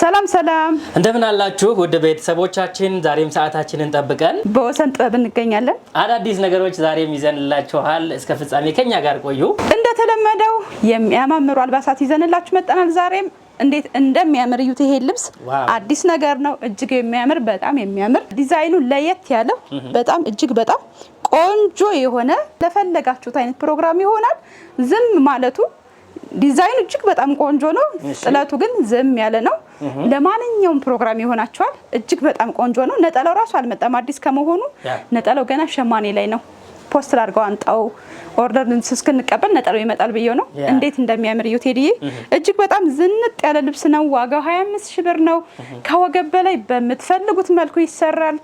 ሰላም ሰላም፣ እንደምን አላችሁ ውድ ቤተሰቦቻችን። ዛሬም ሰዓታችንን ጠብቀን በወሰን ጥበብ እንገኛለን። አዳዲስ ነገሮች ዛሬም ይዘንላችኋል። እስከ ፍጻሜ ከኛ ጋር ቆዩ። እንደተለመደው የሚያማምሩ አልባሳት ይዘንላችሁ መጠናል። ዛሬም እንዴት እንደሚያምር እዩት። ይሄ ልብስ አዲስ ነገር ነው፣ እጅግ የሚያምር በጣም የሚያምር ዲዛይኑ ለየት ያለው በጣም እጅግ በጣም ቆንጆ የሆነ ለፈለጋችሁት አይነት ፕሮግራም ይሆናል። ዝም ማለቱ ዲዛይኑ እጅግ በጣም ቆንጆ ነው። ጥለቱ ግን ዘም ያለ ነው። ለማንኛውም ፕሮግራም ይሆናቸዋል። እጅግ በጣም ቆንጆ ነው። ነጠላው ራሱ አልመጣም አዲስ ከመሆኑ ነጠላው ገና ሸማኔ ላይ ነው። ፖስት አድርገው አንጣው ኦርደር እስክንቀበል ነጠላው ይመጣል ብዬ ነው። እንዴት እንደሚያምር እዩ ቴዲዬ። እጅግ በጣም ዝንጥ ያለ ልብስ ነው። ዋጋው 25 ሺ ብር ነው። ከወገብ በላይ በምትፈልጉት መልኩ ይሰራል።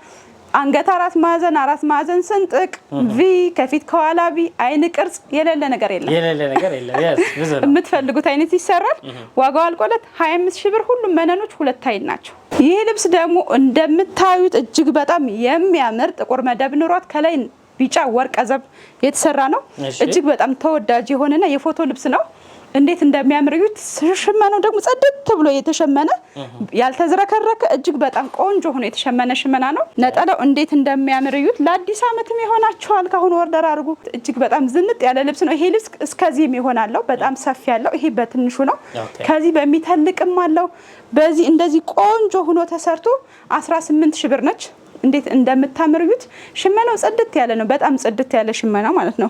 አንገት አራት ማዕዘን አራት ማዕዘን ስንጥቅ ቪ ከፊት ከኋላ ቪ አይን ቅርጽ የሌለ ነገር የለም የሌለ ነገር የለም። የምትፈልጉት አይነት ይሰራል። ዋጋው አልቆለት 25 ሺህ ብር። ሁሉም መነኖች ሁለት አይን ናቸው። ይህ ልብስ ደግሞ እንደምታዩት እጅግ በጣም የሚያምር ጥቁር መደብ ኑሯት ከላይ ቢጫ ወርቀ ዘብ የተሰራ ነው። እጅግ በጣም ተወዳጅ የሆነና የፎቶ ልብስ ነው። እንዴት እንደሚያምር እዩት። ሽመናው ደግሞ ጸደት ብሎ የተሸመነ ያልተዝረከረከ እጅግ በጣም ቆንጆ ሆኖ የተሸመነ ሽመና ነው። ነጠላው እንዴት እንደሚያምርዩት ለአዲስ ዓመትም ይሆናችኋል። ካሁን ወርደር አድርጉ። እጅግ በጣም ዝንጥ ያለ ልብስ ነው ይሄ ልብስ። እስከዚህም ይሆናለው። በጣም ሰፊ ያለው ይሄ በትንሹ ነው። ከዚህ በሚተልቅም አለው። በዚህ እንደዚህ ቆንጆ ሆኖ ተሰርቶ 18 ሺ ብር ነች። እንዴት እንደምታምርዩት ሽመናው ጽድት ያለ ነው። በጣም ጽድት ያለ ሽመና ማለት ነው።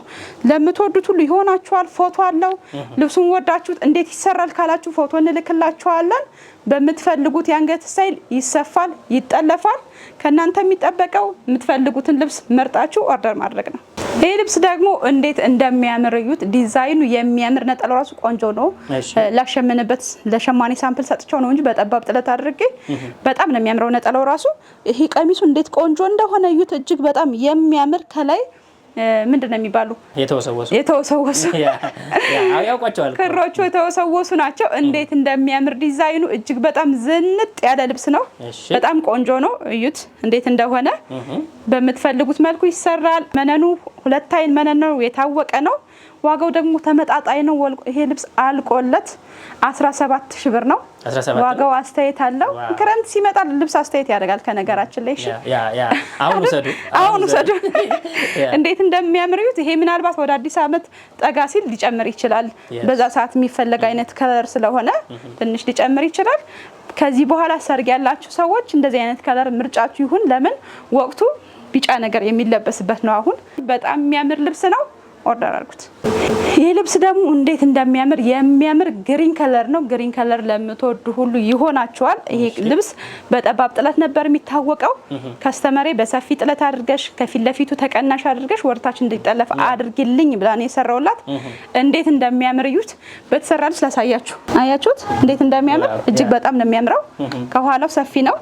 ለምትወዱት ሁሉ ይሆናችኋል። ፎቶ አለው። ልብሱን ወዳችሁት እንዴት ይሰራል ካላችሁ ፎቶ እንልክላችኋለን። በምትፈልጉት የአንገት ስታይል ይሰፋል፣ ይጠለፋል። ከእናንተ የሚጠበቀው የምትፈልጉትን ልብስ መርጣችሁ ኦርደር ማድረግ ነው። ይህ ልብስ ደግሞ እንዴት እንደሚያምር እዩት። ዲዛይኑ የሚያምር ነጠላው ራሱ ቆንጆ ነው። ላሸምንበት ለሸማኔ ሳምፕል ሰጥቸው ነው እንጂ በጠባብ ጥለት አድርጌ በጣም ነው የሚያምረው ነጠላው ራሱ። ይሄ ቀሚሱ እንዴት ቆንጆ እንደሆነ እዩት። እጅግ በጣም የሚያምር ከላይ ምንድን ነው የሚባሉ የተወሰወሱ የተወሰወሱ ክሮቹ የተወሰወሱ ናቸው። እንዴት እንደሚያምር ዲዛይኑ እጅግ በጣም ዝንጥ ያለ ልብስ ነው። በጣም ቆንጆ ነው። እዩት እንዴት እንደሆነ በምትፈልጉት መልኩ ይሰራል። መነኑ ሁለት አይን መነነው የታወቀ ነው። ዋጋው ደግሞ ተመጣጣኝ ነው። ይሄ ልብስ አልቆለት 17 ሺህ ብር ነው ዋጋው። አስተያየት አለው። ክረምት ሲመጣ ልብስ አስተያየት ያደርጋል። ከነገራችን ላይ አሁን ውሰዱ፣ እንዴት እንደሚያምርዩት። ይሄ ምናልባት ወደ አዲስ ዓመት ጠጋ ሲል ሊጨምር ይችላል። በዛ ሰዓት የሚፈለግ አይነት ከለር ስለሆነ mm-hmm. ትንሽ ሊጨምር ይችላል። ከዚህ በኋላ ሰርግ ያላችሁ ሰዎች እንደዚህ አይነት ከለር ምርጫችሁ ይሁን። ለምን ወቅቱ ቢጫ ነገር የሚለበስበት ነው። አሁን በጣም የሚያምር ልብስ ነው። ኦርደር አድርጉት። ይህ ልብስ ደግሞ እንዴት እንደሚያምር የሚያምር ግሪን ከለር ነው። ግሪን ከለር ለምትወዱ ሁሉ ይሆናቸዋል። ይሄ ልብስ በጠባብ ጥለት ነበር የሚታወቀው። ከስተመሬ በሰፊ ጥለት አድርገሽ ከፊት ለፊቱ ተቀናሽ አድርገሽ ወርታች እንዲጠለፍ አድርጊልኝ ብላ ነው የሰራውላት። እንዴት እንደሚያምር እዩት። በተሰራ ልብስ ላሳያችሁ። አያችሁት እንዴት እንደሚያምር እጅግ በጣም ነው የሚያምረው። ከኋላው ሰፊ ነው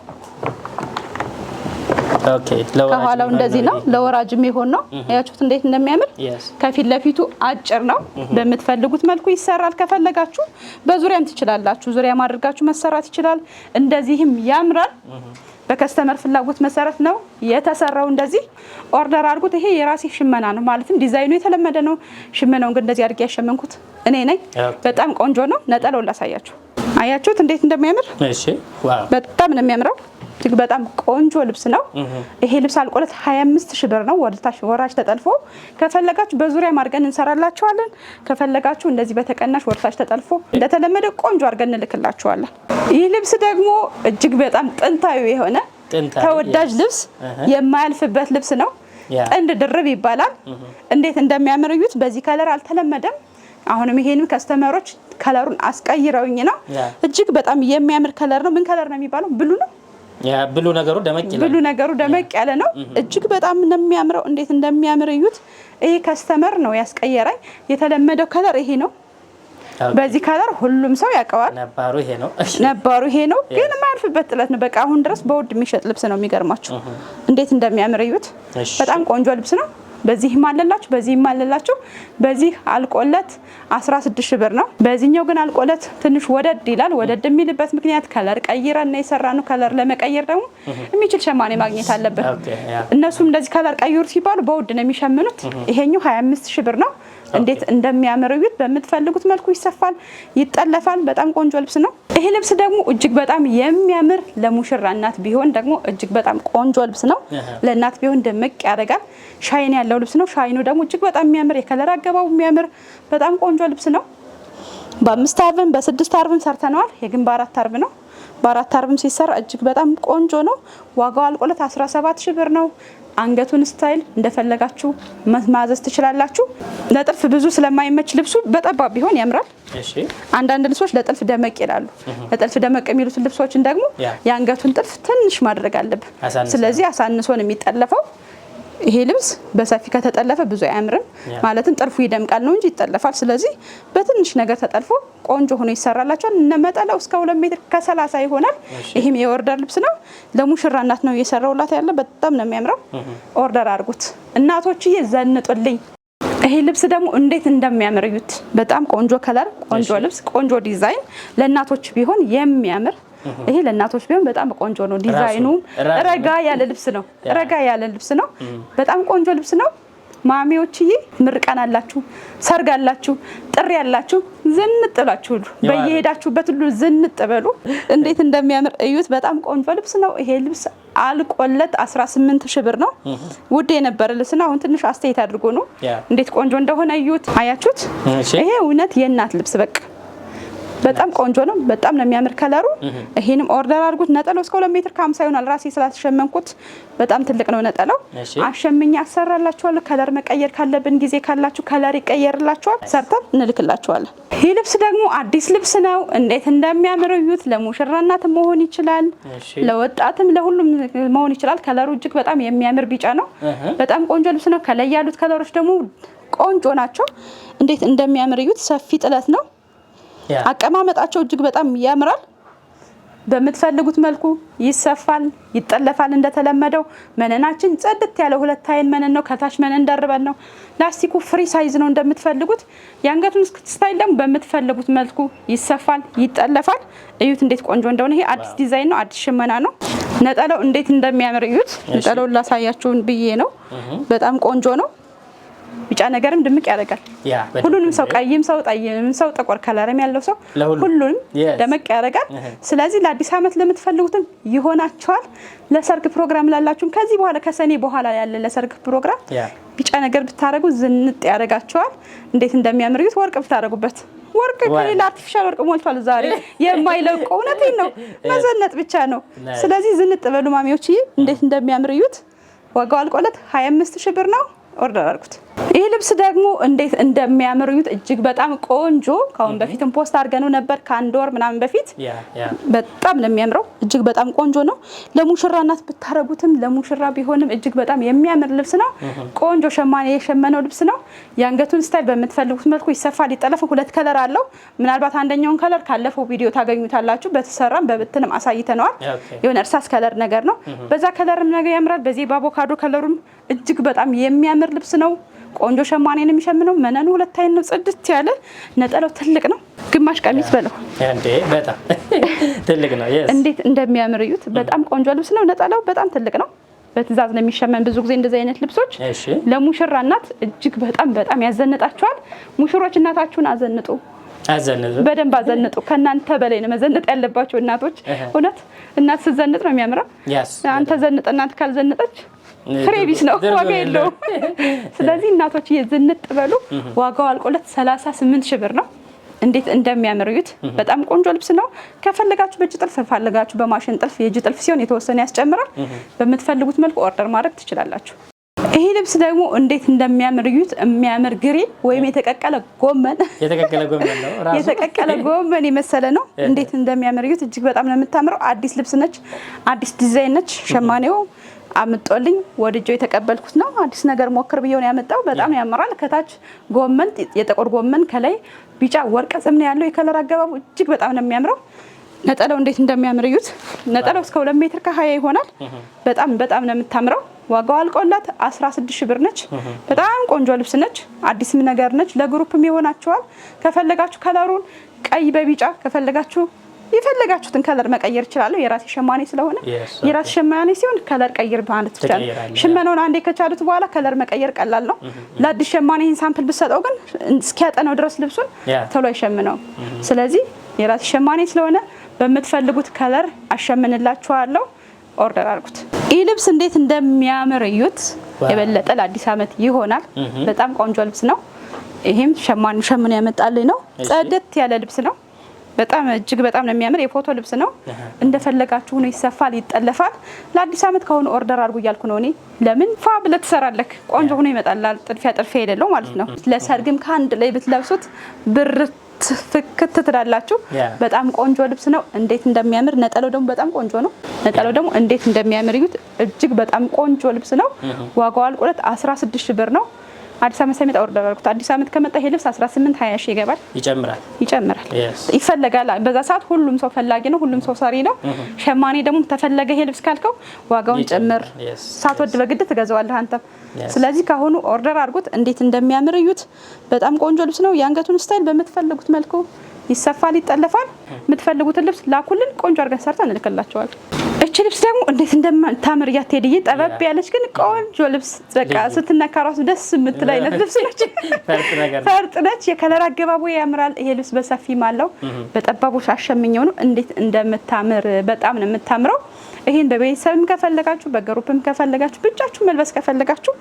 ከኋላው እንደዚህ ነው። ለወራጅ የሚሆን ነው። ያችሁት እንዴት እንደሚያምር ከፊት ለፊቱ አጭር ነው። በምትፈልጉት መልኩ ይሰራል። ከፈለጋችሁ በዙሪያም ትችላላችሁ። ዙሪያም አድርጋችሁ መሰራት ይችላል። እንደዚህም ያምራል። በከስተመር ፍላጎት መሰረት ነው የተሰራው። እንደዚህ ኦርደር አድርጉት። ይሄ የራሴ ሽመና ነው ማለትም ዲዛይኑ የተለመደ ነው። ሽመናው ግን እንደዚህ አድርጌ ያሸመንኩት እኔ ነኝ። በጣም ቆንጆ ነው። ነጠላውን ላሳያችሁ። አያችሁት እንዴት እንደሚያምር። በጣም ነው የሚያምረው። እጅግ በጣም ቆንጆ ልብስ ነው። ይሄ ልብስ አልቆለት 25 ሺህ ብር ነው። ወርታሽ ወራሽ ተጠልፎ ከፈለጋችሁ በዙሪያ አድርገን እንሰራላችኋለን። ከፈለጋችሁ እንደዚህ በተቀናሽ ወርታሽ ተጠልፎ እንደተለመደ ቆንጆ አድርገን እንልክላችኋለን። ይህ ልብስ ደግሞ እጅግ በጣም ጥንታዊ የሆነ ተወዳጅ ልብስ የማያልፍበት ልብስ ነው። ጥንድ ድርብ ይባላል። እንዴት እንደሚያምር እዩት። በዚህ ከለር አልተለመደም። አሁንም ይሄንን ከስተመሮች ከለሩን አስቀይረውኝ ነው። እጅግ በጣም የሚያምር ከለር ነው። ምን ከለር ነው የሚባለው? ብሉ ነው ብሉ ነገሩ ደመቅ ይላል። ብሉ ነገሩ ደመቅ ያለ ነው። እጅግ በጣም እንደሚያምረው እንዴት እንደሚያምር እዩት። ይሄ ከስተመር ነው ያስቀየራኝ። የተለመደው ከለር ይሄ ነው። በዚህ ከለር ሁሉም ሰው ያውቀዋል። ነባሩ ይሄ ነው፣ ነባሩ ይሄ ነው። ግን የማያልፍበት ጥለት ነው። በቃ አሁን ድረስ በውድ የሚሸጥ ልብስ ነው። የሚገርማችሁ እንዴት እንደሚያምር እዩት። በጣም ቆንጆ ልብስ ነው። በዚህ አለላችሁ በዚህ አለላችሁ። በዚህ አልቆለት 16 ሺህ ብር ነው። በዚህኛው ግን አልቆለት ትንሽ ወደድ ይላል። ወደድ የሚልበት ምክንያት ከለር ቀይረን ነው የሰራነው። ከለር ለመቀየር ደግሞ የሚችል ሸማኔ ማግኘት አለብን። እነሱም እንደዚህ ከለር ቀይሩ ሲባሉ በውድ ነው የሚሸምኑት። ይሄኛው 25 ሺህ ብር ነው። እንዴት እንደሚያምር እዩት። በምትፈልጉት መልኩ ይሰፋል፣ ይጠለፋል። በጣም ቆንጆ ልብስ ነው። ይሄ ልብስ ደግሞ እጅግ በጣም የሚያምር ለሙሽራ እናት ቢሆን ደግሞ እጅግ በጣም ቆንጆ ልብስ ነው። ለእናት ቢሆን ድምቅ ያደርጋል። ሻይን ያለው ልብስ ነው። ሻይኑ ደግሞ እጅግ በጣም የሚያምር የከለር አገባቡ የሚያምር በጣም ቆንጆ ልብስ ነው። በአምስት አርብም በስድስት አርብም ሰርተነዋል። የግን አራት አርብ ነው። በአራት አርብም ሲሰራ እጅግ በጣም ቆንጆ ነው። ዋጋው አልቆለት 17 ሺህ ብር ነው። አንገቱን ስታይል እንደፈለጋችሁ ማዘዝ ትችላላችሁ። ለጥልፍ ብዙ ስለማይመች ልብሱ በጠባብ ቢሆን ያምራል። አንዳንድ ልብሶች ለጥልፍ ደመቅ ይላሉ። ለጥልፍ ደመቅ የሚሉትን ልብሶችን ደግሞ የአንገቱን ጥልፍ ትንሽ ማድረግ አለብን። ስለዚህ አሳንሶን የሚጠለፈው ይሄ ልብስ በሰፊ ከተጠለፈ ብዙ አያምርም። ማለትም ጥልፉ ይደምቃል ነው እንጂ ይጠለፋል። ስለዚህ በትንሽ ነገር ተጠልፎ ቆንጆ ሆኖ ይሰራላቸዋል። እነመጠለው እስከ ሁለት ሜትር ከሰላሳ ይሆናል። ይህም የኦርደር ልብስ ነው። ለሙሽራ እናት ነው እየሰራውላት ያለ። በጣም ነው የሚያምረው። ኦርደር አድርጉት እናቶችዬ፣ ዘንጡልኝ። ይሄ ልብስ ደግሞ እንዴት እንደሚያምር እዩት። በጣም ቆንጆ ከለር፣ ቆንጆ ልብስ፣ ቆንጆ ዲዛይን ለእናቶች ቢሆን የሚያምር ይሄ ለእናቶች ቢሆን በጣም ቆንጆ ነው። ዲዛይኑም ረጋ ያለ ልብስ ነው። ረጋ ያለ ልብስ ነው። በጣም ቆንጆ ልብስ ነው። ማሚዎችዬ ምርቃን አላችሁ፣ ሰርግ አላችሁ፣ ጥሪ አላችሁ፣ ዝንጥ ብላችሁ ሁሉ በየሄዳችሁበት ሁሉ ዝንጥ በሉ። እንዴት እንደሚያምር እዩት። በጣም ቆንጆ ልብስ ነው። ይሄ ልብስ አልቆለት 18 ሺህ ብር ነው። ውድ የነበረ ልብስ ነው አሁን ትንሽ አስተያየት አድርጎ ነው። እንዴት ቆንጆ እንደሆነ እዩት። አያችሁት? ይሄ እውነት የእናት ልብስ በቃ በጣም ቆንጆ ነው። በጣም ነው የሚያምር ከለሩ። ይሄንም ኦርደር አድርጉት። ነጠለው እስከ ሁለት ሜትር ከሀምሳ ይሆናል። ራሴ ስላሸመንኩት በጣም ትልቅ ነው ነጠላው። አሸምኛ አሰራላችኋለሁ። ከለር መቀየር ካለብን ጊዜ ካላችሁ ከለር ይቀየርላችኋል። ሰርተን እንልክላችኋለን። ይህ ልብስ ደግሞ አዲስ ልብስ ነው። እንዴት እንደሚያምር እዩት። ለሙሽራናትም መሆን ይችላል፣ ለወጣትም ለሁሉም መሆን ይችላል። ከለሩ እጅግ በጣም የሚያምር ቢጫ ነው። በጣም ቆንጆ ልብስ ነው። ከላይ ያሉት ከለሮች ደግሞ ቆንጆ ናቸው። እንዴት እንደሚያምር እዩት። ሰፊ ጥለት ነው። አቀማመጣቸው እጅግ በጣም ያምራል። በምትፈልጉት መልኩ ይሰፋል፣ ይጠለፋል። እንደተለመደው መነናችን ጽድት ያለ ሁለት አይን መነን ነው። ከታች መነን ደርበን ነው። ላስቲኩ ፍሪ ሳይዝ ነው እንደምትፈልጉት። የአንገቱን ስታይል ደግሞ በምትፈልጉት መልኩ ይሰፋል፣ ይጠለፋል። እዩት እንዴት ቆንጆ እንደሆነ። ይሄ አዲስ ዲዛይን ነው፣ አዲስ ሽመና ነው። ነጠላው እንዴት እንደሚያምር እዩት። ነጠላውን ላሳያችሁን ብዬ ነው። በጣም ቆንጆ ነው። ቢጫ ነገርም ድምቅ ያደርጋል። ሁሉንም ሰው ቀይም ሰው ጠይም ሰው ጥቁር ከለርም ያለው ሰው ሁሉንም ደመቅ ያደርጋል። ስለዚህ ለአዲስ ዓመት ለምትፈልጉትም ይሆናቸዋል። ለሰርግ ፕሮግራም ላላችሁም ከዚህ በኋላ ከሰኔ በኋላ ያለ ለሰርግ ፕሮግራም ቢጫ ነገር ብታደረጉ ዝንጥ ያደርጋቸዋል። እንዴት እንደሚያምር ዩት ወርቅ ብታደረጉበት ወርቅ ከሌላ አርቲፊሻል ወርቅ ሞልቷል። ዛሬ የማይለቁ እውነቴን ነው፣ መዘነጥ ብቻ ነው። ስለዚህ ዝንጥ በሉ ማሚዎች፣ እንዴት እንደሚያምርዩት ዩት። ዋጋው አልቆለት 25 ሺህ ብር ነው። ኦርደር አድርጉት። ይህ ልብስ ደግሞ እንዴት እንደሚያምሩት እጅግ በጣም ቆንጆ። ከአሁን በፊትም ፖስት አድርገነው ነበር ከአንድ ወር ምናምን በፊት። በጣም ነው የሚያምረው። እጅግ በጣም ቆንጆ ነው። ለሙሽራ እናት ብታረጉትም ለሙሽራ ቢሆንም እጅግ በጣም የሚያምር ልብስ ነው። ቆንጆ ሸማኔ የሸመነው ልብስ ነው። የአንገቱን ስታይል በምትፈልጉት መልኩ ይሰፋል፣ ይጠለፋል። ሁለት ከለር አለው። ምናልባት አንደኛውን ከለር ካለፈው ቪዲዮ ታገኙታላችሁ። በተሰራም በብትንም አሳይተነዋል። የሆነ እርሳስ ከለር ነገር ነው። በዛ ከለርም ነገር ያምራል። በዚህ በአቮካዶ ከለሩም እጅግ በጣም የሚያምር ልብስ ነው። ቆንጆ ሸማኔ ነው የሚሸምነው። መነኑ ሁለት አይነት ነው፣ ጽድት ያለ ነጠላው ትልቅ ነው። ግማሽ ቀሚስ በለው በጣም ትልቅ ነው። እንዴት እንደሚያምር እዩት። በጣም ቆንጆ ልብስ ነው። ነጠላው በጣም ትልቅ ነው። በትእዛዝ ነው የሚሸመን። ብዙ ጊዜ እንደዚህ አይነት ልብሶች ለሙሽራ እናት እጅግ በጣም በጣም ያዘንጣቸዋል። ሙሽሮች እናታችሁን አዘንጡ በደንብ አዘንጡ። ከእናንተ በላይ ነው መዘንጥ ያለባቸው እናቶች። እውነት እናት ስዘንጥ ነው የሚያምረው። አንተ ዘንጥ እናት ካልዘንጠች ፍሬቢስ ነው፣ ዋጋ የለውም። ስለዚህ እናቶች ዝንጥ በሉ። ዋጋው አልቆለት ሰላሳ ስምንት ሺህ ብር ነው። እንዴት እንደሚያምር እዩት። በጣም ቆንጆ ልብስ ነው። ከፈለጋችሁ በእጅ ጥልፍ ፈልጋችሁ በማሽን ጥልፍ፣ የእጅ ጥልፍ ሲሆን የተወሰነ ያስጨምራል። በምትፈልጉት መልኩ ኦርደር ማድረግ ትችላላችሁ። ይሄ ልብስ ደግሞ እንዴት እንደሚያምር እዩት። የሚያምር ግሪን ወይም የተቀቀለ ጎመን የተቀቀለ ጎመን የመሰለ ነው። እንዴት እንደሚያምር እዩት። እጅግ በጣም ነው የምታምረው። አዲስ ልብስ ነች፣ አዲስ ዲዛይን ነች። ሸማኔው አምጦልኝ ወድጆ የተቀበልኩት ነው። አዲስ ነገር ሞክር ብዬ ነው ያመጣው። በጣም ያምራል። ከታች ጎመን፣ የጥቁር ጎመን ከላይ ቢጫ ወርቀ ጽምን ያለው። የከለር አገባቡ እጅግ በጣም ነው የሚያምረው። ነጠላው እንዴት እንደሚያምር እዩት። ነጠላው እስከ ሁለት ሜትር ከሀያ ይሆናል። በጣም በጣም ነው የምታምረው። ዋጋው አልቆላት 16 ሺህ ብር ነች። በጣም ቆንጆ ልብስ ነች። አዲስም ነገር ነች። ለግሩፕም ይሆናቸዋል ከፈለጋችሁ ከለሩን ቀይ በቢጫ ከፈለጋችሁ የፈለጋችሁትን ከለር መቀየር እችላለሁ። የራሴ ሸማኔ ስለሆነ የራሴ ሸማኔ ሲሆን ከለር ቀይር ማለት ትችላለ። ሽመናውን አንዴ ከቻሉት በኋላ ከለር መቀየር ቀላል ነው። mm-hmm. Mm-hmm. ለአዲስ ሸማኔ ይህን ሳምፕል ብሰጠው ግን እስኪያጠነው ድረስ ልብሱን ቶሎ አይሸምነውም። mm-hmm. ስለዚህ የራሴ ሸማኔ ስለሆነ በምትፈልጉት ከለር አሸምንላችኋለሁ። ኦርደር አድርጉት። ይህ ልብስ እንዴት እንደሚያምር እዩት። የበለጠ ለአዲስ ዓመት ይሆናል። በጣም ቆንጆ ልብስ ነው። ይህም ሸማኔ ሸምኖ ያመጣልኝ ነው። ጸደት ያለ ልብስ ነው። በጣም እጅግ በጣም ነው የሚያምር የፎቶ ልብስ ነው። እንደፈለጋችሁ ሆኖ ይሰፋል፣ ይጠለፋል። ለአዲስ ዓመት ከሆነ ኦርደር አድርጉ እያልኩ ነው እኔ። ለምን ፋ ብለህ ትሰራለህ፣ ቆንጆ ሆኖ ይመጣላል። ጥልፊያ ጥልፊያ የሌለው ማለት ነው። ለሰርግም ከአንድ ላይ ብትለብሱት ብር ትፍክት ትላላችሁ። በጣም ቆንጆ ልብስ ነው፣ እንዴት እንደሚያምር ነጠለው ደግሞ በጣም ቆንጆ ነው። ነጠለው ደግሞ እንዴት እንደሚያምር እዩት። እጅግ በጣም ቆንጆ ልብስ ነው። ዋጋው አልቆለት 16 ሺህ ብር ነው። አዲስ አመት ሳይመጣ ኦርደር አላልኩት። አዲስ አመት ከመጣ ይሄ ልብስ 18 20 ሺህ ይገባል፣ ይጨምራል ይጨምራል፣ ይፈለጋል። በዛ ሰዓት ሁሉም ሰው ፈላጊ ነው፣ ሁሉም ሰው ሰሪ ነው። ሸማኔ ደግሞ ተፈለገ ይሄ ልብስ ካልከው ዋጋውን ጨምር፣ ሳትወድ በግድ ትገዛዋለህ አንተ። ስለዚህ ካሁኑ ኦርደር አድርጉት። እንዴት እንደሚያምር እዩት። በጣም ቆንጆ ልብስ ነው። የአንገቱን ስታይል በምትፈልጉት መልኩ ይሰፋል፣ ይጠለፋል። የምትፈልጉትን ልብስ ላኩልን፣ ቆንጆ አድርገን ሰርተን እንልክላቸዋለን። እች ልብስ ደግሞ እንዴት እንደምታምር እያትሄድዬ ጠበብ ያለች ግን ቆንጆ ልብስ በቃ ስትነካ ራሱ ደስ የምትል አይነት ልብስ ነች። ፈርጥ ነች። የከለር አገባቡ ያምራል። ይሄ ልብስ በሰፊም አለው በጠባቦች አሸምኘው ነው እንዴት እንደምታምር በጣም ነው የምታምረው። ይሄን በቤተሰብም ከፈለጋችሁ በግሩፕም ከፈለጋችሁ ብቻችሁ መልበስ ከፈለጋችሁ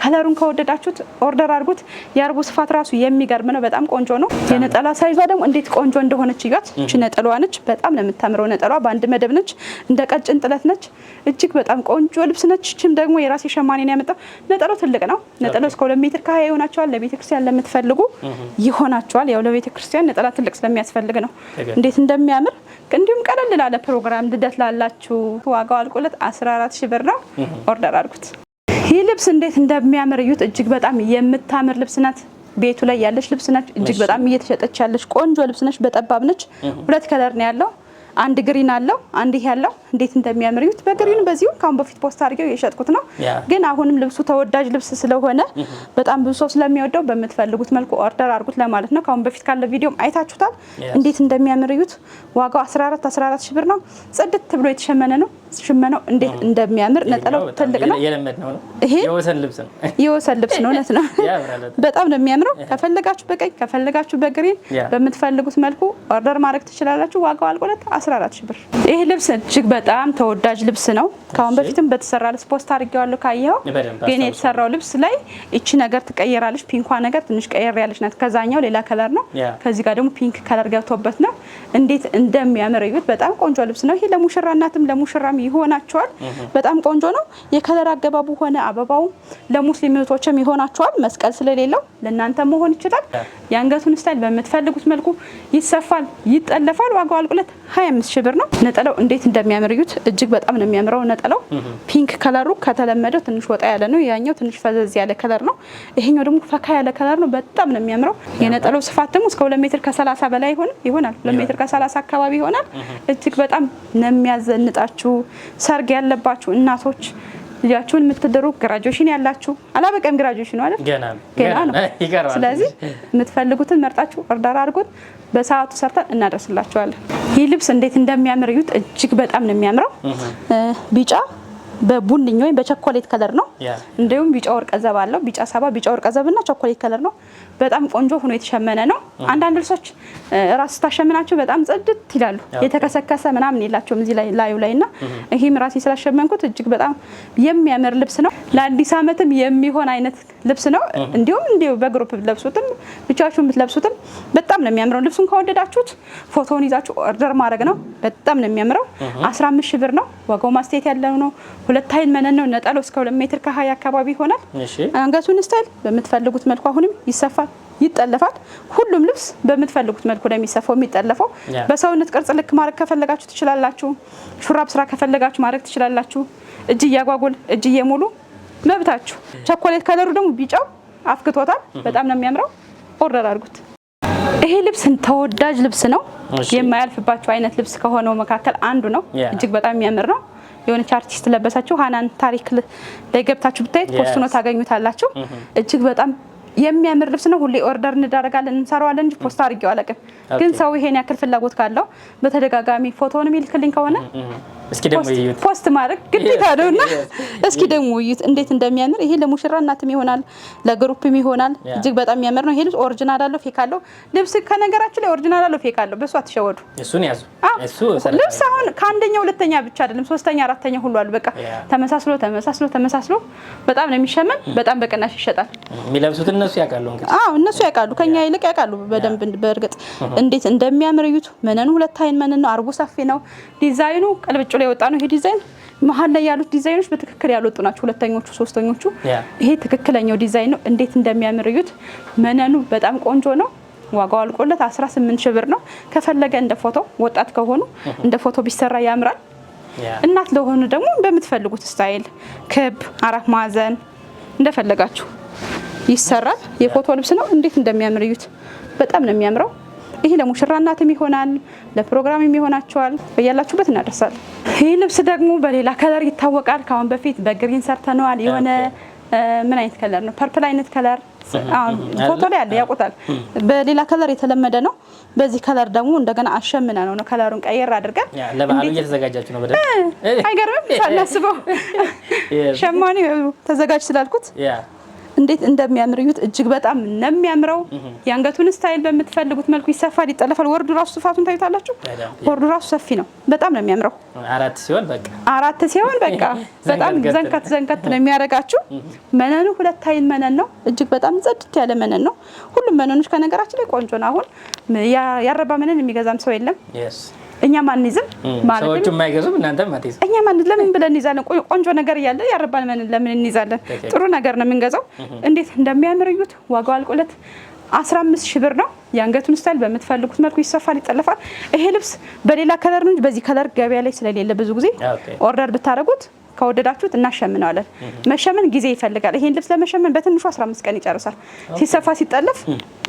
ከለሩን ከወደዳችሁት ኦርደር አድርጉት። የአርቡ ስፋት ራሱ የሚገርም ነው። በጣም ቆንጆ ነው። የነጠላ ሳይዟ ደግሞ እንዴት ቆንጆ እንደሆነች እያት። እች ነጠሏ ነች። በጣም ነው የምታምረው። በአንድ መደብ ነች። እንደ ቀጭን ጥለት ነች። እጅግ በጣም ቆንጆ ልብስ ነች። እችም ደግሞ የራሴ ሸማኔ ነው ያመጣው። ነጠሎ ትልቅ ነው። ነጠሎ እስከ ሁለት ሜትር ከሀያ ይሆናቸዋል። ለቤተ ክርስቲያን ለምትፈልጉ ይሆናቸዋል። ያው ለቤተ ክርስቲያን ነጠላ ትልቅ ስለሚያስፈልግ ነው። እንዴት እንደሚያምር እንዲሁም ቀለል ላለ ፕሮግራም ልደት ላላችሁ ዋጋው አልቆለት 14 ሺህ ብር ነው። ኦርደር አልኩት። ይህ ልብስ እንዴት እንደሚያምር እዩት። እጅግ በጣም የምታምር ልብስ ናት። ቤቱ ላይ ያለች ልብስ ናት። እጅግ በጣም እየተሸጠች ያለች ቆንጆ ልብስ ነች። በጠባብ ነች። ሁለት ከለር ነው ያለው አንድ ግሪን አለው አንድ ይሄ ያለው እንዴት እንደሚያምር ዩት። በግሪን በዚሁ ካሁን በፊት ፖስት አድርገው የሸጥኩት ነው፣ ግን አሁንም ልብሱ ተወዳጅ ልብስ ስለሆነ በጣም ብዙ ሰው ስለሚወደው በምትፈልጉት መልኩ ኦርደር አድርጉት ለማለት ነው። ካሁን በፊት ካለ ቪዲዮም አይታችሁታል እንዴት እንደሚያምር ዩት። ዋጋው 14 14 ሺህ ብር ነው። ጽድት ብሎ የተሸመነ ነው። ሽመነው እንዴት እንደሚያምር ነጠለው ትልቅ ነው። ይሄ የወሰን ልብስ ነው፣ የወሰን ልብስ ነው። እውነት ነው። በጣም ነው የሚያምረው። ከፈለጋችሁ በቀኝ ከፈለጋችሁ በግሪን በምትፈልጉት መልኩ ኦርደር ማድረግ ትችላላችሁ። ዋጋው አልቆለት 14 ሺህ ብር። ይህ ልብስ እጅግ በጣም ተወዳጅ ልብስ ነው። ከአሁን በፊትም በተሰራ ልብስ ፖስት አድርጌዋለሁ ካየኸው። ግን የተሰራው ልብስ ላይ እቺ ነገር ትቀየራለች። ፒንኳ ነገር ትንሽ ቀየር ያለች ናት። ከዛኛው ሌላ ከለር ነው። ከዚህ ጋር ደግሞ ፒንክ ከለር ገብቶበት ነው። እንዴት እንደሚያምር እዩት። በጣም ቆንጆ ልብስ ነው። ይሄ ለሙሽራ እናትም ለሙሽራም ይሆናቸዋል። በጣም ቆንጆ ነው። የከለር አገባቡ ሆነ አበባው ለሙስሊም እህቶችም ይሆናቸዋል። መስቀል ስለሌለው ለእናንተ መሆን ይችላል። የአንገቱን ስታይል በምትፈልጉት መልኩ ይሰፋል፣ ይጠለፋል። ዋጋው አልቁለት ሀያ አምስት ሺህ ብር ነው። ነጠላው እንዴት እንደሚያምር እጅግ በጣም ነው የሚያምረው ነጠላው። ፒንክ ከለሩ ከተለመደው ትንሽ ወጣ ያለ ነው። ያኛው ትንሽ ፈዘዝ ያለ ከለር ነው። ይሄኛው ደግሞ ፈካ ያለ ከለር ነው። በጣም ነው የሚያምረው። የነጠላው ስፋት ደግሞ እስከ ሁለት ሜትር ከሰላሳ በላይ ይሆናል። ሁለት ሜትር ከሰላሳ አካባቢ ይሆናል። እጅግ በጣም ነው የሚያዘንጣችሁ። ሰርግ ያለባችሁ እናቶች ልጃችሁን የምትድሩ ግራጆሽን ያላችሁ አላበቀም ግራጆሽን ነው ገና ነው። ስለዚህ የምትፈልጉትን መርጣችሁ እርዳር አድርጉት። በሰዓቱ ሰርተን እናደርስላቸዋለን። ይህ ልብስ እንዴት እንደሚያምር እዩት። እጅግ በጣም ነው የሚያምረው። ቢጫ በቡንኝ ወይም በቸኮሌት ከለር ነው። እንዲሁም ቢጫ ወርቀ ዘብ አለው። ቢጫ ሰባ፣ ቢጫ ወርቀ ዘብ እና ቸኮሌት ከለር ነው። በጣም ቆንጆ ሆኖ የተሸመነ ነው። አንዳንድ ልብሶች ራስ ስታሸምናቸው በጣም ጽድት ይላሉ። የተከሰከሰ ምናምን የላቸውም እዚህ ላይ ላዩ ላይ እና ይህም ራሴ ስላሸመንኩት እጅግ በጣም የሚያምር ልብስ ነው። ለአዲስ አመትም የሚሆን አይነት ልብስ ነው። እንዲሁም እንዲሁ በግሩፕ ለብሱትም ብቻችሁን ብትለብሱትም በጣም ነው የሚያምረው። ልብሱን ከወደዳችሁት ፎቶውን ይዛችሁ ኦርደር ማድረግ ነው። በጣም ነው የሚያምረው። 15 ሺህ ብር ነው ዋጋው። ማስተያየት ያለው ነው። ሁለት አይን መነን ነው። ነጠላው እስከ ሁለት ሜትር ከሀያ አካባቢ ይሆናል። አንገቱን ስታይል በምትፈልጉት መልኩ አሁንም ይሰፋል። ይጠለፋል። ሁሉም ልብስ በምትፈልጉት መልኩ ነው የሚሰፋው የሚጠለፈው። በሰውነት ቅርጽ ልክ ማድረግ ከፈለጋችሁ ትችላላችሁ። ሹራብ ስራ ከፈለጋችሁ ማድረግ ትችላላችሁ። እጅ እያጓጉል እጅ እየሙሉ መብታችሁ። ቸኮሌት ከለሩ ደግሞ ቢጫው አፍክቶታል። በጣም ነው የሚያምረው። ኦርደር አድርጉት። ይሄ ልብስ ተወዳጅ ልብስ ነው። የማያልፍባቸው አይነት ልብስ ከሆነው መካከል አንዱ ነው። እጅግ በጣም የሚያምር ነው። የሆነች አርቲስት ለበሳችሁ ሀናን ታሪክ ላይ ገብታችሁ ብታየት ነው ታገኙታላችሁ። እጅግ በጣም የሚያምር ልብስ ነው። ሁሌ ኦርደር እንዳደረጋለን እንሰራዋለን እንጂ ፖስት አድርጌው አላውቅም። ግን ሰው ይሄን ያክል ፍላጎት ካለው በተደጋጋሚ ፎቶውንም ይልክልኝ ከሆነ እስኪ ደግሞ ይዩት። ፖስት ማድረግ ግዴታ ነውና እስኪ ደግሞ ይዩት እንዴት እንደሚያምር ይሄ ለሙሽራ እናትም ይሆናል፣ ለግሩፕም ይሆናል። እጅግ በጣም የሚያምር ነው። ይሄ ልብስ ኦሪጂናል አለው፣ ፌክ አለው። ልብስ ከነገራችን ላይ ኦሪጂናል አለው፣ ፌክ አለው። በእሱ አትሸወዱ። እሱን ያዙ። እሱ ልብስ አሁን ከአንደኛ ሁለተኛ ብቻ አይደለም ሶስተኛ አራተኛ ሁሉ አሉ። በቃ ተመሳስሎ ተመሳስሎ ተመሳስሎ በጣም ነው የሚሸመን። በጣም በቅናሽ ይሸጣል። የሚለብሱት እነሱ ያውቃሉ። አዎ እነሱ ያውቃሉ፣ ከኛ ይልቅ ያውቃሉ በደንብ። በእርግጥ እንዴት እንደሚያምር እዩት። መነኑ ሁለት አይን መነን ነው። አርቦ ሰፊ ነው ዲዛይኑ ቅልብጭ የወጣ ነው ይሄ ዲዛይን። መሀል ላይ ያሉት ዲዛይኖች በትክክል ያልወጡ ናቸው። ሁለተኞቹ፣ ሶስተኞቹ ይሄ ትክክለኛው ዲዛይን ነው። እንዴት እንደሚያምር እዩት። መነኑ በጣም ቆንጆ ነው። ዋጋው አልቆለት 18 ሺህ ብር ነው። ከፈለገ እንደ ፎቶ ወጣት ከሆኑ እንደ ፎቶ ቢሰራ ያምራል። እናት ለሆኑ ደግሞ በምትፈልጉት ስታይል ክብ፣ አራት ማዕዘን እንደፈለጋችሁ ይሰራል። የፎቶ ልብስ ነው። እንዴት እንደሚያምር እዩት። በጣም ነው የሚያምረው። ይሄ ለሙሽራ እናትም ይሆናል፣ ለፕሮግራም ይሆናቸዋል። በያላችሁበት እናደርሳል። ይህ ልብስ ደግሞ በሌላ ከለር ይታወቃል። ከአሁን በፊት በግሪን ሰርተነዋል። የሆነ ምን አይነት ከለር ነው? ፐርፕል አይነት ከለር ፎቶ ላይ አለ፣ ያውቁታል። በሌላ ከለር የተለመደ ነው። በዚህ ከለር ደግሞ እንደገና አሸምነ ነው ነው ከለሩን ቀየር አድርገን ለበዓሉ እየተዘጋጃችሁ ነው። በደንብ አይገርምም? ሳናስበው ሸማኔ ተዘጋጅ ስላልኩት እንዴት እንደሚያምርዩት እጅግ በጣም የሚያምረው የአንገቱን ስታይል በምትፈልጉት መልኩ ይሰፋል፣ ይጠለፋል። ወርዱ ራሱ ስፋቱን ታዩታላችሁ። ወርዱ ራሱ ሰፊ ነው፣ በጣም ነው የሚያምረው። አራት ሲሆን በቃ አራት ሲሆን በቃ በጣም ዘንከት ዘንከት ነው የሚያደርጋችሁ። መነኑ ሁለት አይን መነን ነው፣ እጅግ በጣም ጸድት ያለ መነን ነው። ሁሉም መነኖች ከነገራችን ላይ ቆንጆ ነው። አሁን ያረባ መነን የሚገዛም ሰው የለም። እኛ ማን ይዝም ሰዎቹ የማይገዙም እናንተም ማትይዝ እኛ ማን ለምን ብለን እንይዛለን? ቆንጆ ነገር እያለ ያረባን ለምን እንይዛለን? ጥሩ ነገር ነው የምንገዛው። እንዴት እንደሚያምር እዩት። ዋጋው አልቆለት 15 ሺህ ብር ነው። የአንገቱን ስታይል በምትፈልጉት መልኩ ይሰፋል፣ ይጠለፋል። ይሄ ልብስ በሌላ ከለር ነው እንጂ በዚህ ከለር ገበያ ላይ ስለሌለ ብዙ ጊዜ ኦርደር ብታደርጉት ከወደዳችሁት እናሸምነዋለን። መሸመን ጊዜ ይፈልጋል። ይሄን ልብስ ለመሸመን በትንሹ 15 ቀን ይጨርሳል። ሲሰፋ ሲጠለፍ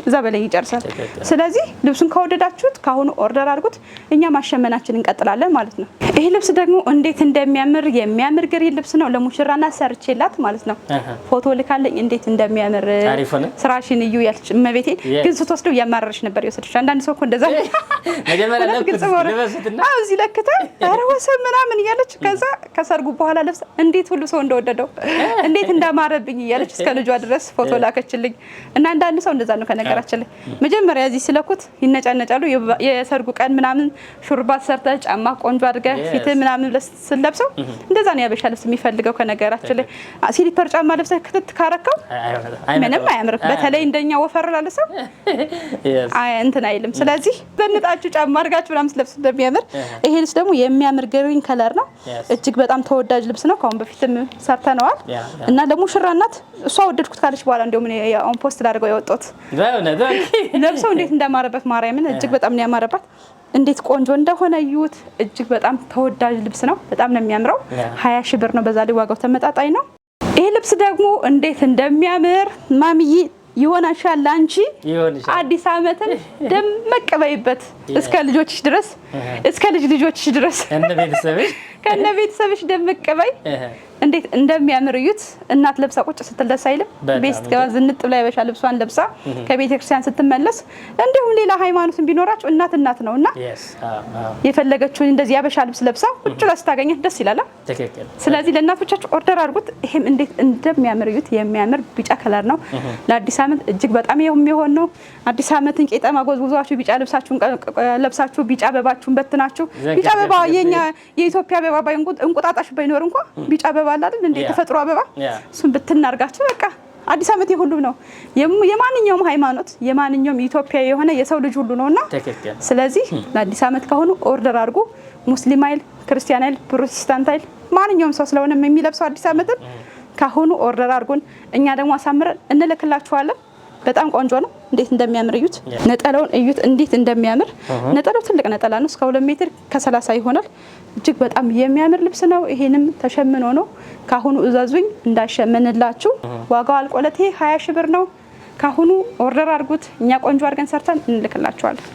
እዛ በላይ ይጨርሳል። ስለዚህ ልብሱን ከወደዳችሁት ካሁኑ ኦርደር አድርጉት። እኛ ማሸመናችን እንቀጥላለን ማለት ነው። ይሄ ልብስ ደግሞ እንዴት እንደሚያምር የሚያምር ግሪ ልብስ ነው። ለሙሽራና ሰርቼላት ማለት ነው። ፎቶ ልካለኝ እንዴት እንደሚያምር ስራሽን እዩ ያለች እመቤቴ። ግን ስትወስደው እያማረረች ነበር የወሰደች። አንዳንድ ሰው እኮ እንደዛ መጀመሪያ ሁለት ግጽ ሆነ እዚህ ለክተ ኧረ ወሰን ምናምን እያለች ከዛ ከሰርጉ በኋላ የኋላ ልብስ እንዴት ሁሉ ሰው እንደወደደው እንዴት እንዳማረብኝ እያለች እስከ ልጇ ድረስ ፎቶ ላከችልኝ እና አንዳንድ ሰው እንደዛ ነው። ከነገራችን ላይ መጀመሪያ እዚህ ስለኩት ይነጫነጫሉ። የሰርጉ ቀን ምናምን ሹርባ ሰርተ ጫማ ቆንጆ አድርገ ፊት ምናምን ስለብሰው እንደዛ ነው ያበሻ ልብስ የሚፈልገው። ከነገራችን ላይ ሲሊፐር ጫማ ልብሰ ክትት ካረከው ምንም አያምርም። በተለይ እንደኛ ወፈር ላለ ሰው እንትን አይልም። ስለዚህ ዘንጣችሁ ጫማ አድርጋችሁ ምናምን ስለብሱ እንደሚያምር ይሄ ልብስ ደግሞ የሚያምር ግሪን ከለር ነው እጅግ በጣም ተወዳጅ ልብስ ነው። ከአሁን በፊትም ሰርተነዋል እና ደግሞ ሽራናት እሷ ወደድኩት ካለች በኋላ እንዲሁም ኦን ፖስት ላድርገው የወጡት ለብሰው እንዴት እንዳማረበት ማርያምን፣ እጅግ በጣም ያማረባት። እንዴት ቆንጆ እንደሆነ እዩት። እጅግ በጣም ተወዳጅ ልብስ ነው። በጣም ነው የሚያምረው። ሀያ ሺህ ብር ነው። በዛ ላይ ዋጋው ተመጣጣኝ ነው። ይህ ልብስ ደግሞ እንዴት እንደሚያምር ማሚይ ይሆናሻል ለአንቺ አዲስ ዓመትን ደመቅ በይበት እስከ ልጆችሽ ድረስ እስከ ልጅ ልጆችሽ ድረስ ከነ ቤተሰብሽ ደመቅ በይ። እንዴት እንደሚያምር እዩት። እናት ለብሳ ቁጭ ስትል ደስ አይልም? ቤት ስትገባ ዝንጥ ብላ የበሻ ልብሷን ለብሳ ከቤተ ክርስቲያን ስትመለስ፣ እንዲሁም ሌላ ሃይማኖትን ቢኖራቸው እናት እናት ነው እና የፈለገችውን እንደዚህ ያበሻ ልብስ ለብሳ ቁጭ ብላ ስታገኘት ደስ ይላል። ስለዚህ ለእናቶቻችሁ ኦርደር አድርጉት። ይሄም እንዴት እንደሚያምር እዩት። የሚያምር ቢጫ ከለር ነው። ለአዲስ ዓመት እጅግ በጣም የሚሆን ነው። አዲስ ዓመትን ቄጠማ ጎዝጉዟችሁ ቢጫ ልብሳችሁን ለብሳችሁ ቢጫ አበባችሁን በትናችሁ ቢጫ አበባ የኛ የኢትዮጵያ አበባ እንቁጣጣሽ ባይኖር እንኳ ቢጫ አበባ አበባ አለ አይደል እንዴ? የተፈጥሮ አበባ እሱን ብትናርጋቸው በቃ አዲስ ዓመት የሁሉም ነው። የማንኛውም ሃይማኖት፣ የማንኛውም ኢትዮጵያ የሆነ የሰው ልጅ ሁሉ እና ስለዚህ ለአዲስ ዓመት ከሆኑ ኦርደር አድርጉ። ሙስሊም አይል፣ ክርስቲያን አይል፣ ፕሮቴስታንት አይል፣ ማንኛውም ሰው ስለሆነ የሚለብሰው አዲስ ዓመትን ካሁኑ ኦርደር አድርጉን። እኛ ደግሞ አሳምረን እንልክላችኋለን። በጣም ቆንጆ ነው። እንዴት እንደሚያምር እዩት። ነጠላውን እዩት እንዴት እንደሚያምር ነጠላው ትልቅ ነጠላ ነው። እስከ ሁለት ሜትር ከሰላሳ ይሆናል። እጅግ በጣም የሚያምር ልብስ ነው። ይሄንም ተሸምኖ ነው። ካሁኑ እዘዙኝ እንዳሸምንላችሁ። ዋጋው አልቆለት ይሄ ሀያ ሺ ብር ነው። ካሁኑ ኦርደር አድርጉት። እኛ ቆንጆ አድርገን ሰርተን እንልክላችኋለን።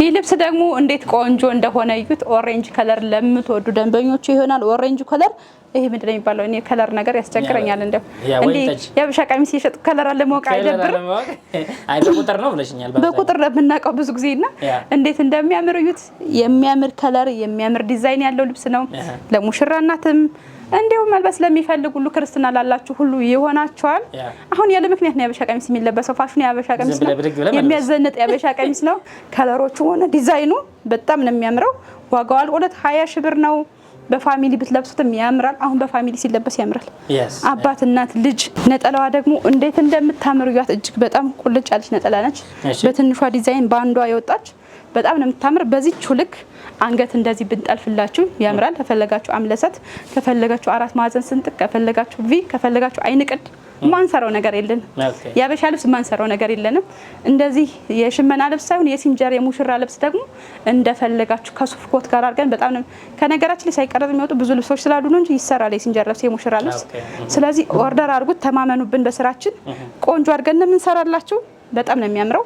ይህ ልብስ ደግሞ እንዴት ቆንጆ እንደሆነ እዩት። ኦሬንጅ ከለር ለምትወዱ ደንበኞቹ ይሆናል። ኦሬንጅ ከለር ይሄ ምንድን ነው የሚባለው? እኔ ከለር ነገር ያስቸግረኛል። እንደው እንዲህ የሀበሻ ቀሚስ የሸጡ ከለር አለማወቅ አይደብርም? በቁጥር ነው ብለሽኛል። በቁጥር ነው የምናውቀው ብዙ ጊዜ እና እንዴት እንደሚያምር እዩት። የሚያምር ከለር፣ የሚያምር ዲዛይን ያለው ልብስ ነው። ለሙሽራ እናትም እንዲሁም መልበስ ለሚፈልጉ ሁሉ ክርስትና ላላችሁ ሁሉ ይሆናቸዋል። አሁን ያለ ምክንያት ነው የሀበሻ ቀሚስ የሚለበሰው። ፋሽኑ የሀበሻ ቀሚስ ነው፣ የሚያዘንጥ የሀበሻ ቀሚስ ነው። ከለሮቹ ሆነ ዲዛይኑ በጣም ነው የሚያምረው። ዋጋው አልቆለት ሀያ ሺህ ብር ነው። በፋሚሊ ብትለብሱትም ያምራል። አሁን በፋሚሊ ሲለበስ ያምራል። አባት፣ እናት፣ ልጅ። ነጠላዋ ደግሞ እንዴት እንደምታምር ያት እጅግ በጣም ቁልጭ ያለች ነጠላ ነች። በትንሿ ዲዛይን በአንዷ የወጣች በጣም ነው የምታምር። በዚህ ልክ አንገት እንደዚህ ብንጠልፍላችሁ ያምራል። ከፈለጋችሁ አምለሰት፣ ከፈለጋችሁ አራት ማዕዘን ስንጥቅ፣ ከፈለጋችሁ ቪ፣ ከፈለጋችሁ አይንቅድ ማንሰራው ነገር የለንም። የአበሻ ልብስ ማንሰራው ነገር የለንም። እንደዚህ የሽመና ልብስ ሳይሆን የሲንጀር የሙሽራ ልብስ ደግሞ እንደፈለጋችሁ ከሱፍ ኮት ጋር አድርገን በጣም ከነገራችን ላይ ሳይቀረጥ የሚወጡ ብዙ ልብሶች ስላሉ ነው እንጂ ይሰራል የሲንጀር ልብስ የሙሽራ ልብስ። ስለዚህ ኦርደር አድርጉት፣ ተማመኑብን። በስራችን ቆንጆ አድርገን የምንሰራላችሁ በጣም ነው የሚያምረው።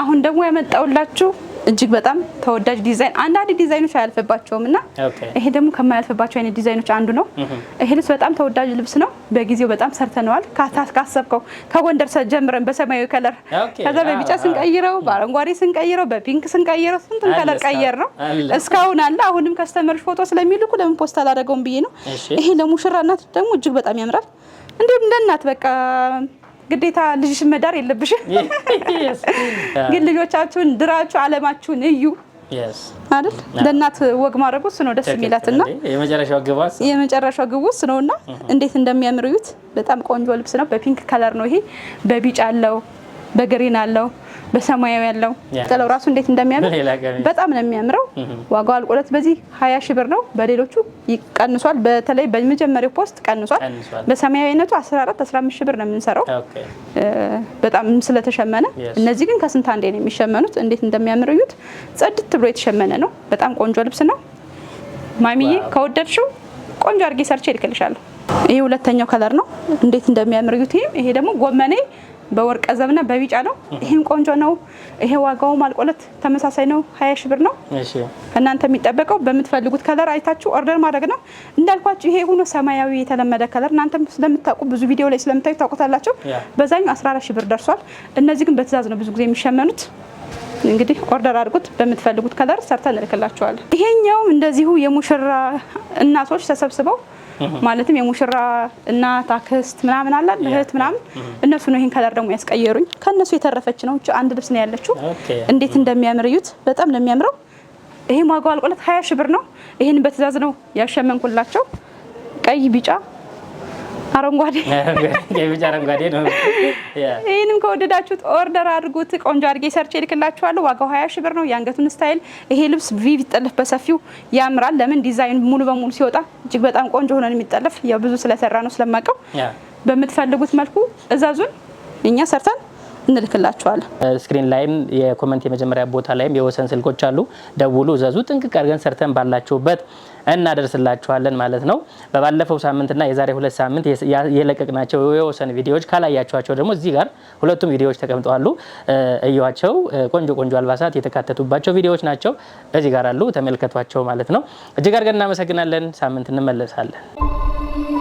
አሁን ደግሞ ያመጣውላችሁ እጅግ በጣም ተወዳጅ ዲዛይን አንዳንድ ዲዛይኖች አያልፍባቸውም እና ይሄ ደግሞ ከማያልፍባቸው አይነት ዲዛይኖች አንዱ ነው። ይሄ ልብስ በጣም ተወዳጅ ልብስ ነው። በጊዜው በጣም ሰርተነዋል። ካሰብከው ከጎንደር ጀምረን በሰማያዊ ከለር፣ ከዛ በቢጫ ስንቀይረው፣ በአረንጓዴ ስንቀይረው፣ በፒንክ ስንቀይረው ስንትን ከለር ቀየር ነው እስካሁን አለ። አሁንም ከስተመርሽ ፎቶ ስለሚልኩ ለምን ፖስት አላደረገውም ብዬ ነው። ይሄ ለሙሽራ እናት ደግሞ እጅግ በጣም ያምራል። እንዲሁም እንደ በቃ ግዴታ ልጅሽን መዳር የለብሽም። ግን ልጆቻችሁን ድራችሁ አለማችሁን እዩ አይደል? ለእናት ወግ ማድረጉ እሱ ነው ደስ እና የመጨረሻው ግቡ እሱ ነው እና uh-huh. እንዴት እንደሚያምር እዩት። በጣም ቆንጆ ልብስ ነው። በፒንክ ከለር ነው ይሄ። በቢጫ አለው፣ በግሪን አለው በሰማያዊ ያለው ጥለው ራሱ እንዴት እንደሚያምር በጣም ነው የሚያምረው። ዋጋው አልቆለት በዚህ ሀያ ሺ ብር ነው። በሌሎቹ ይቀንሷል። በተለይ በመጀመሪያው ፖስት ቀንሷል። በሰማያዊነቱ 14 15 ሺ ብር ነው የምንሰራው በጣም ስለተሸመነ። እነዚህ ግን ከስንት አንዴ ነው የሚሸመኑት። እንዴት እንደሚያምር እዩት። ጸድት ብሎ የተሸመነ ነው። በጣም ቆንጆ ልብስ ነው። ማሚዬ ከወደድሽው ቆንጆ አድርጌ ሰርቼ እልክልሻለሁ። ይሄ ሁለተኛው ከለር ነው። እንዴት እንደሚያምር እዩት። ይሄ ደግሞ ጎመኔ በወርቀ ዘብና በቢጫ ነው። ይህም ቆንጆ ነው። ይሄ ዋጋው ማልቆለት ተመሳሳይ ነው፣ ሀያ ሺህ ብር ነው። እናንተ የሚጠበቀው በምትፈልጉት ከለር አይታችሁ ኦርደር ማድረግ ነው። እንዳልኳችሁ ይሄ ሆኖ ሰማያዊ የተለመደ ከለር እናንተም ስለምታውቁ ብዙ ቪዲዮ ላይ ስለምታዩ ታውቁታላችሁ። በዛኛው 14 ሺ ብር ደርሷል። እነዚህ ግን በትእዛዝ ነው ብዙ ጊዜ የሚሸመኑት። እንግዲህ ኦርደር አድርጉት በምትፈልጉት ከለር ሰርተን እንልክላችኋለን። ይሄኛውም እንደዚሁ የሙሽራ እናቶች ተሰብስበው ማለትም የሙሽራ እናት፣ አክስት ምናምን አለ እህት ምናምን እነሱ ነው ይህን ከለር ደግሞ ያስቀየሩኝ። ከእነሱ የተረፈች ነው አንድ ልብስ ነው ያለችው። እንዴት እንደሚያምር እዩት። በጣም ነው የሚያምረው። ይሄ ዋጋው አልቆለት ሀያ ሺህ ብር ነው። ይህን በትእዛዝ ነው ያሸመንኩላቸው ቀይ ቢጫ አረንጓዴ የቢጫ አረንጓዴ ነው። ይህንም ከወደዳችሁት ኦርደር አድርጉት። ቆንጆ አድርጌ ሰርቼ እልክላችኋለሁ። ዋጋው ሀያ ሺህ ብር ነው። የአንገቱን ስታይል ይሄ ልብስ ቪ ቢጠለፍ በሰፊው ያምራል። ለምን ዲዛይን ሙሉ በሙሉ ሲወጣ እጅግ በጣም ቆንጆ ሆነን የሚጠለፍ ያው ብዙ ስለሰራ ነው ስለማውቀው። በምትፈልጉት መልኩ እዛዙን እኛ ሰርተን እንልክላቸዋለን። ስክሪን ላይም የኮመንት የመጀመሪያ ቦታ ላይም የወሰን ስልኮች አሉ። ደውሉ፣ እዘዙ። ጥንቅቅ አድርገን ሰርተን ባላችሁበት እናደርስላችኋለን ማለት ነው። በባለፈው ሳምንትና የዛሬ ሁለት ሳምንት የለቀቅናቸው የወሰን ቪዲዮዎች ካላያችኋቸው ደግሞ እዚህ ጋር ሁለቱም ቪዲዮዎች ተቀምጠዋሉ። እዩዋቸው። ቆንጆ ቆንጆ አልባሳት የተካተቱባቸው ቪዲዮዎች ናቸው። እዚህ ጋር አሉ። ተመልከቷቸው ማለት ነው። እጅግ አድርገን እናመሰግናለን። ሳምንት እንመለሳለን።